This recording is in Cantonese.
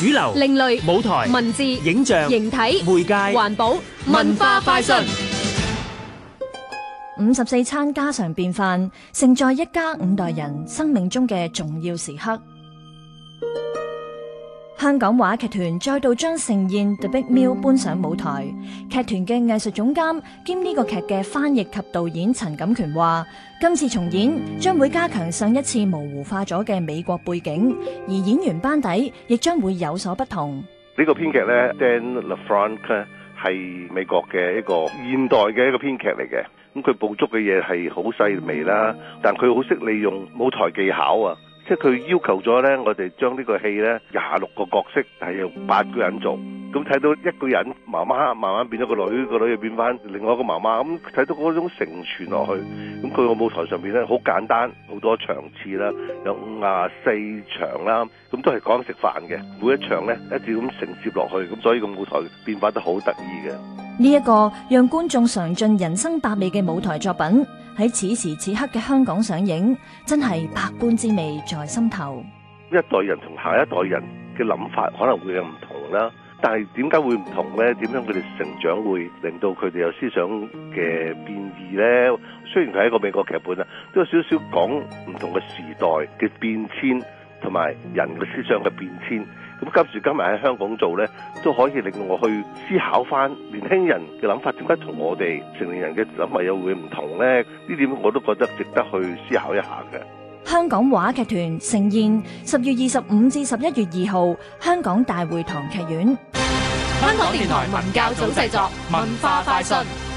主流、另類、舞台、文字、影像、形體、媒介、環保、文化快訊。五十四餐家常便飯，盛載一家五代人生命中嘅重要時刻。香港話劇團再度將《盛宴 The Big Meal》搬上舞台。劇團嘅藝術總監兼呢個劇嘅翻譯及導演陳錦權話：今次重演將會加強上一次模糊化咗嘅美國背景，而演員班底亦將會有所不同。這個、編劇，呢個編劇咧，Dan LeFranc 係美國嘅一個現代嘅一個編劇嚟嘅，咁佢捕捉嘅嘢係好細微啦，但佢好識利用舞台技巧啊。即係佢要求咗咧，我哋將呢個戲咧廿六個角色係由八個人做，咁睇到一個人媽媽慢慢變咗個女，個女又變翻另外一個媽媽，咁睇到嗰種承傳落去。咁佢個舞台上面咧好簡單，好多場次啦，有五啊四場啦，咁都係講食飯嘅，每一場咧一直咁承接落去，咁所以個舞台變化得好得意嘅。呢、這、一個讓觀眾嘗盡人生百味嘅舞台作品。喺此時此刻嘅香港上映，真係百般滋味在心頭。一代人同下一代人嘅諗法可能會有唔同啦，但係點解會唔同呢？點樣佢哋成長會令到佢哋有思想嘅變異呢？雖然佢係一個美國劇本啊，都有少少講唔同嘅時代嘅變遷，同埋人嘅思想嘅變遷。咁今時今日喺香港做咧，都可以令我去思考翻年輕人嘅諗法，點解同我哋成年人嘅諗法又會唔同咧？呢點我都覺得值得去思考一下嘅。香港話劇團呈現，十月二十五至十一月二號，香港大會堂劇院。香港電台文教組製作文化快訊。